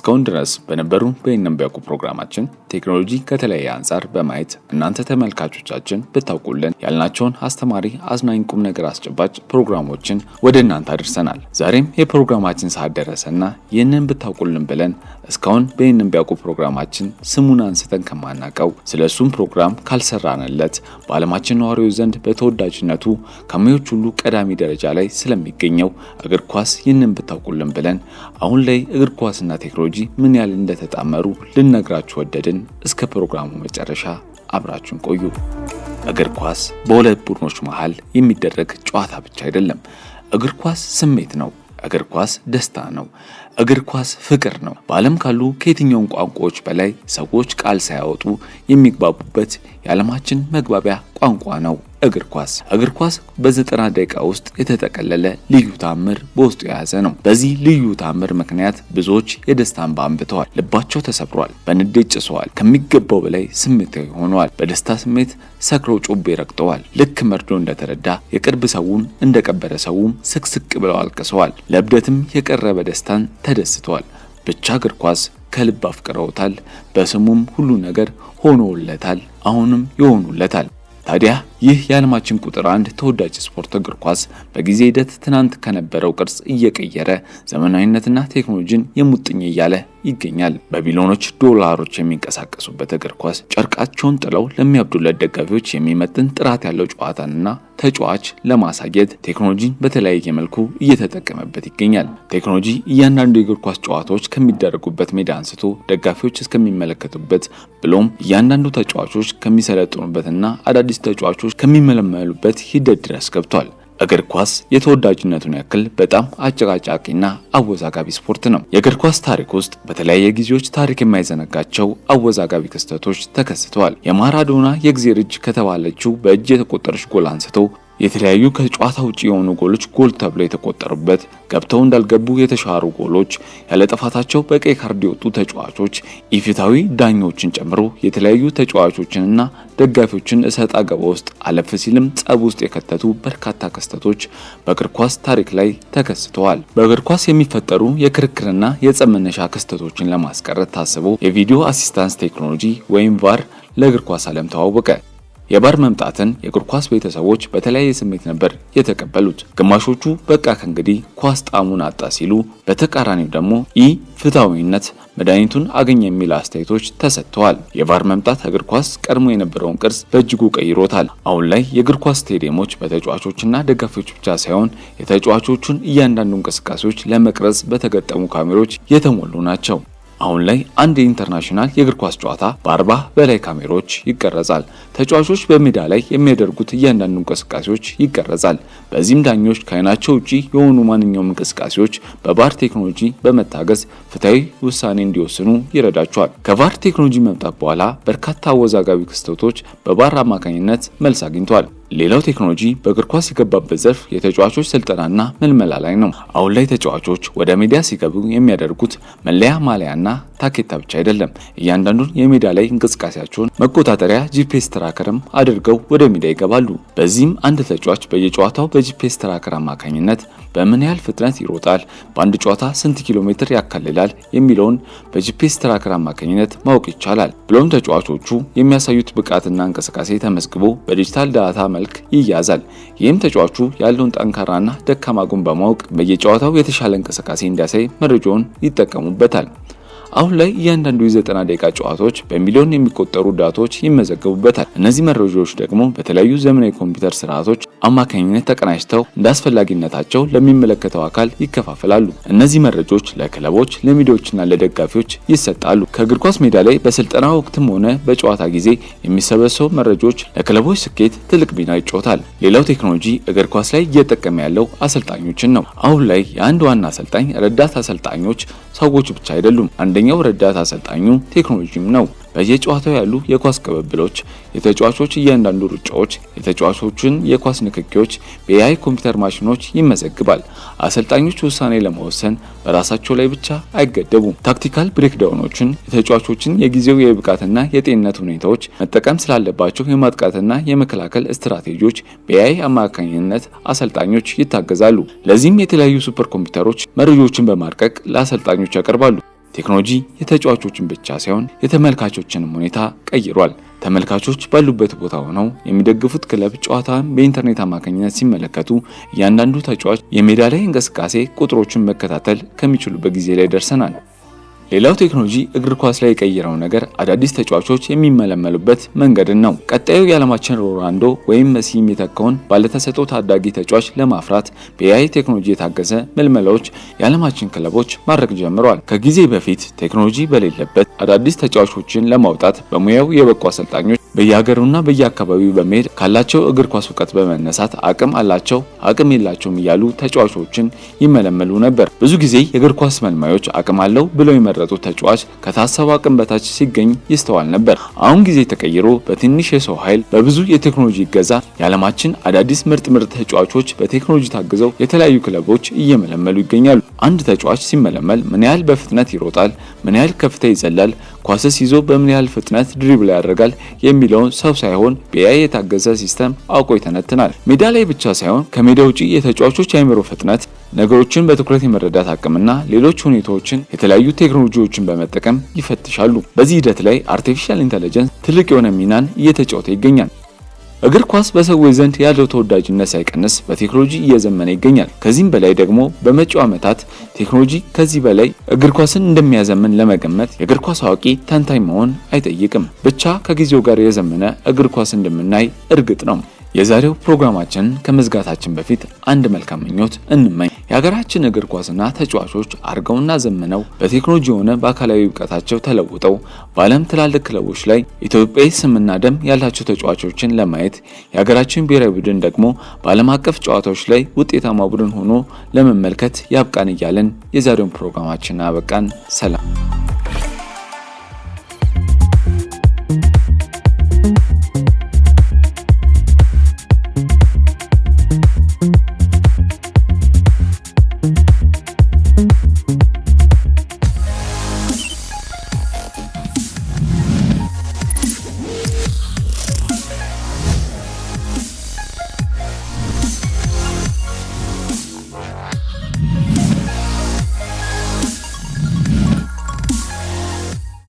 እስካሁን ድረስ በነበሩ በይነም ቢያውቁ ፕሮግራማችን ቴክኖሎጂ ከተለያየ አንጻር በማየት እናንተ ተመልካቾቻችን ብታውቁልን ያልናቸውን አስተማሪ፣ አዝናኝ፣ ቁም ነገር አስጨባጭ ፕሮግራሞችን ወደ እናንተ አድርሰናል። ዛሬም የፕሮግራማችን ሰዓት ደረሰና ይህንን ብታውቁልን ብለን እስካሁን በይነም ቢያውቁ ፕሮግራማችን ስሙን አንስተን ከማናቀው ስለ እሱም ፕሮግራም ካልሰራንለት በዓለማችን ነዋሪዎች ዘንድ በተወዳጅነቱ ከሚዎች ሁሉ ቀዳሚ ደረጃ ላይ ስለሚገኘው እግር ኳስ ይህንን ብታውቁልን ብለን አሁን ላይ እግር ኳስና ቴክኖሎጂ ቴክኖሎጂ ምን ያህል እንደተጣመሩ ልነግራችሁ ወደድን። እስከ ፕሮግራሙ መጨረሻ አብራችሁን ቆዩ። እግር ኳስ በሁለት ቡድኖች መሃል የሚደረግ ጨዋታ ብቻ አይደለም። እግር ኳስ ስሜት ነው። እግር ኳስ ደስታ ነው። እግር ኳስ ፍቅር ነው። በዓለም ካሉ ከየትኛውም ቋንቋዎች በላይ ሰዎች ቃል ሳያወጡ የሚግባቡበት የዓለማችን መግባቢያ ቋንቋ ነው እግር ኳስ እግር ኳስ በዘጠና ደቂቃ ውስጥ የተጠቀለለ ልዩ ታምር በውስጡ የያዘ ነው። በዚህ ልዩ ታምር ምክንያት ብዙዎች የደስታ እንባ አንብተዋል፣ ልባቸው ተሰብሯል፣ በንዴት ጭሰዋል፣ ከሚገባው በላይ ስሜታዊ ሆነዋል፣ በደስታ ስሜት ሰክረው ጮቤ ረግጠዋል። ልክ መርዶ እንደተረዳ የቅርብ ሰውን እንደቀበረ ሰውም ስቅስቅ ብለው አልቅሰዋል። ለእብደትም የቀረበ ደስታን ተደስተዋል። ብቻ እግር ኳስ ከልብ አፍቅረውታል። በስሙም ሁሉ ነገር ሆኖለታል፣ አሁንም ይሆኑለታል። ታዲያ ይህ የዓለማችን ቁጥር አንድ ተወዳጅ ስፖርት እግር ኳስ በጊዜ ሂደት ትናንት ከነበረው ቅርጽ እየቀየረ ዘመናዊነትና ቴክኖሎጂን የሙጥኝ እያለ ይገኛል። በቢሊዮኖች ዶላሮች የሚንቀሳቀሱበት እግር ኳስ ጨርቃቸውን ጥለው ለሚያብዱለት ደጋፊዎች የሚመጥን ጥራት ያለው ጨዋታንና ተጫዋች ለማሳየት ቴክኖሎጂን በተለያየ መልኩ እየተጠቀመበት ይገኛል። ቴክኖሎጂ እያንዳንዱ የእግር ኳስ ጨዋታዎች ከሚደረጉበት ሜዳ አንስቶ ደጋፊዎች እስከሚመለከቱበት ብሎም እያንዳንዱ ተጫዋቾች ከሚሰለጥኑበትና አዳዲስ ተጫዋቾች ወጣቶች ከሚመለመሉበት ሂደት ድረስ ገብቷል። እግር ኳስ የተወዳጅነቱን ያክል በጣም አጨቃጫቂና አወዛጋቢ ስፖርት ነው። የእግር ኳስ ታሪክ ውስጥ በተለያየ ጊዜዎች ታሪክ የማይዘነጋቸው አወዛጋቢ ክስተቶች ተከስተዋል። የማራዶና የእግዜር እጅ ከተባለችው በእጅ የተቆጠረች ጎል አንስቶ የተለያዩ ከጨዋታ ውጪ የሆኑ ጎሎች ጎል ተብለው የተቆጠሩበት፣ ገብተው እንዳልገቡ የተሻሩ ጎሎች፣ ያለ ጥፋታቸው በቀይ ካርድ የወጡ ተጫዋቾች፣ ኢፍታዊ ዳኞችን ጨምሮ የተለያዩ ተጫዋቾችንና ደጋፊዎችን እሰጥ አገባ ውስጥ አለፍ ሲልም ጸብ ውስጥ የከተቱ በርካታ ክስተቶች በእግር ኳስ ታሪክ ላይ ተከስተዋል። በእግር ኳስ የሚፈጠሩ የክርክርና የጸብ መነሻ ክስተቶችን ለማስቀረት ታስቦ የቪዲዮ አሲስታንስ ቴክኖሎጂ ወይም ቫር ለእግር ኳስ ዓለም ተዋወቀ። የባር መምጣትን የእግር ኳስ ቤተሰቦች በተለያየ ስሜት ነበር የተቀበሉት። ግማሾቹ በቃ ከእንግዲህ ኳስ ጣዕሙን አጣ ሲሉ፣ በተቃራኒው ደግሞ ኢ ፍትሐዊነት መድኃኒቱን አገኝ የሚል አስተያየቶች ተሰጥተዋል። የቫር መምጣት እግር ኳስ ቀድሞ የነበረውን ቅርጽ በእጅጉ ቀይሮታል። አሁን ላይ የእግር ኳስ ስቴዲየሞች በተጫዋቾችና ደጋፊዎች ብቻ ሳይሆን የተጫዋቾቹን እያንዳንዱ እንቅስቃሴዎች ለመቅረጽ በተገጠሙ ካሜሮች የተሞሉ ናቸው። አሁን ላይ አንድ የኢንተርናሽናል የእግር ኳስ ጨዋታ በአርባ በላይ ካሜሮች ይቀረጻል። ተጫዋቾች በሜዳ ላይ የሚያደርጉት እያንዳንዱ እንቅስቃሴዎች ይቀረጻል። በዚህም ዳኞች ከአይናቸው ውጪ የሆኑ ማንኛውም እንቅስቃሴዎች በቫር ቴክኖሎጂ በመታገዝ ፍትሐዊ ውሳኔ እንዲወስኑ ይረዳቸዋል። ከቫር ቴክኖሎጂ መምጣት በኋላ በርካታ አወዛጋቢ ክስተቶች በቫር አማካኝነት መልስ አግኝተዋል። ሌላው ቴክኖሎጂ በእግር ኳስ የገባበት ዘርፍ የተጫዋቾች ስልጠናና ምልመላ ላይ ነው። አሁን ላይ ተጫዋቾች ወደ ሜዳ ሲገቡ የሚያደርጉት መለያ ማሊያና ታኬታ ብቻ አይደለም። እያንዳንዱን የሜዳ ላይ እንቅስቃሴያቸውን መቆጣጠሪያ ጂፒኤስ ትራከርም አድርገው ወደ ሜዳ ይገባሉ። በዚህም አንድ ተጫዋች በየጨዋታው በጂፒኤስ ትራከር አማካኝነት በምን ያህል ፍጥነት ይሮጣል፣ በአንድ ጨዋታ ስንት ኪሎ ሜትር ያካልላል የሚለውን በጂፒኤስ ትራከር አማካኝነት ማወቅ ይቻላል። ብሎም ተጫዋቾቹ የሚያሳዩት ብቃትና እንቅስቃሴ ተመዝግቦ በዲጂታል ዳታ መልክ ይያዛል። ይህም ተጫዋቹ ያለውን ጠንካራና ደካማ ጎን በማወቅ በየጨዋታው የተሻለ እንቅስቃሴ እንዲያሳይ መረጃውን ይጠቀሙበታል። አሁን ላይ እያንዳንዱ የዘጠና ደቂቃ ጨዋታዎች በሚሊዮን የሚቆጠሩ ዳቶች ይመዘገቡበታል። እነዚህ መረጃዎች ደግሞ በተለያዩ ዘመናዊ ኮምፒውተር ስርዓቶች አማካኝነት ተቀናጅተው እንዳስፈላጊነታቸው ለሚመለከተው አካል ይከፋፈላሉ። እነዚህ መረጃዎች ለክለቦች፣ ለሚዲያዎችና ለደጋፊዎች ይሰጣሉ። ከእግር ኳስ ሜዳ ላይ በስልጠና ወቅትም ሆነ በጨዋታ ጊዜ የሚሰበሰቡ መረጃዎች ለክለቦች ስኬት ትልቅ ሚና ይጫወታል። ሌላው ቴክኖሎጂ እግር ኳስ ላይ እየጠቀመ ያለው አሰልጣኞችን ነው። አሁን ላይ የአንድ ዋና አሰልጣኝ ረዳት አሰልጣኞች ሰዎች ብቻ አይደሉም። አንደኛው ረዳት አሰልጣኙ ቴክኖሎጂም ነው። በየጨዋታው ያሉ የኳስ ቅብብሎች፣ የተጫዋቾች እያንዳንዱ ሩጫዎች፣ የተጫዋቾችን የኳስ ንክኪዎች በኤአይ ኮምፒውተር ማሽኖች ይመዘግባል። አሰልጣኞች ውሳኔ ለመወሰን በራሳቸው ላይ ብቻ አይገደቡም። ታክቲካል ብሬክዳውኖችን፣ የተጫዋቾችን የጊዜው የብቃትና የጤንነት ሁኔታዎች፣ መጠቀም ስላለባቸው የማጥቃትና የመከላከል ስትራቴጂዎች በኤአይ አማካኝነት አሰልጣኞች ይታገዛሉ። ለዚህም የተለያዩ ሱፐር ኮምፒውተሮች መረጃዎችን በማርቀቅ ለአሰልጣኞች ያቀርባሉ። ቴክኖሎጂ የተጫዋቾችን ብቻ ሳይሆን የተመልካቾችንም ሁኔታ ቀይሯል። ተመልካቾች ባሉበት ቦታ ሆነው የሚደግፉት ክለብ ጨዋታን በኢንተርኔት አማካኝነት ሲመለከቱ እያንዳንዱ ተጫዋች የሜዳ ላይ እንቅስቃሴ ቁጥሮችን መከታተል ከሚችሉበት ጊዜ ላይ ደርሰናል። ሌላው ቴክኖሎጂ እግር ኳስ ላይ የቀየረው ነገር አዳዲስ ተጫዋቾች የሚመለመሉበት መንገድን ነው። ቀጣዩ የዓለማችን ሮናልዶ ወይም መሲ የሚተካውን ባለተሰጥኦ ታዳጊ ተጫዋች ለማፍራት በኤአይ ቴክኖሎጂ የታገዘ ምልመላዎች የዓለማችን ክለቦች ማድረግ ጀምረዋል። ከጊዜ በፊት ቴክኖሎጂ በሌለበት አዳዲስ ተጫዋቾችን ለማውጣት በሙያው የበቁ አሰልጣኞች በየሀገሩና በየአካባቢው በመሄድ ካላቸው እግር ኳስ እውቀት በመነሳት አቅም አላቸው፣ አቅም የላቸውም እያሉ ተጫዋቾችን ይመለመሉ ነበር። ብዙ ጊዜ የእግር ኳስ መልማዮች አቅም አለው ብለው የመረጡት ተጫዋች ከታሰበው አቅም በታች ሲገኝ ይስተዋል ነበር። አሁን ጊዜ ተቀይሮ በትንሽ የሰው ኃይል በብዙ የቴክኖሎጂ ይገዛ የዓለማችን አዳዲስ ምርጥ ምርጥ ተጫዋቾች በቴክኖሎጂ ታግዘው የተለያዩ ክለቦች እየመለመሉ ይገኛሉ። አንድ ተጫዋች ሲመለመል ምን ያህል በፍጥነት ይሮጣል፣ ምን ያህል ከፍታ ይዘላል ኳስስ ይዞ በምን ያህል ፍጥነት ድሪብል ያደርጋል የሚለውን ሰው ሳይሆን በኤአይ የታገዘ ሲስተም አውቆ ይተነትናል። ሜዳ ላይ ብቻ ሳይሆን ከሜዳ ውጪ የተጫዋቾች የአእምሮ ፍጥነት፣ ነገሮችን በትኩረት የመረዳት አቅምና ሌሎች ሁኔታዎችን የተለያዩ ቴክኖሎጂዎችን በመጠቀም ይፈትሻሉ። በዚህ ሂደት ላይ አርቲፊሻል ኢንተለጀንስ ትልቅ የሆነ ሚናን እየተጫወተ ይገኛል። እግር ኳስ በሰዎች ዘንድ ያለው ተወዳጅነት ሳይቀንስ በቴክኖሎጂ እየዘመነ ይገኛል። ከዚህም በላይ ደግሞ በመጪው ዓመታት ቴክኖሎጂ ከዚህ በላይ እግር ኳስን እንደሚያዘምን ለመገመት የእግር ኳስ አዋቂ ተንታኝ መሆን አይጠይቅም። ብቻ ከጊዜው ጋር የዘመነ እግር ኳስ እንደምናይ እርግጥ ነው። የዛሬው ፕሮግራማችንን ከመዝጋታችን በፊት አንድ መልካም ምኞት እንመኝ። የሀገራችን እግር ኳስና ተጫዋቾች አርገውና ዘምነው በቴክኖሎጂ ሆነ በአካላዊ እውቀታቸው ተለውጠው በዓለም ትላልቅ ክለቦች ላይ ኢትዮጵያዊ ስምና ደም ያላቸው ተጫዋቾችን ለማየት የሀገራችን ብሔራዊ ቡድን ደግሞ በዓለም አቀፍ ጨዋታዎች ላይ ውጤታማ ቡድን ሆኖ ለመመልከት ያብቃን እያለን የዛሬውን ፕሮግራማችን አበቃን። ሰላም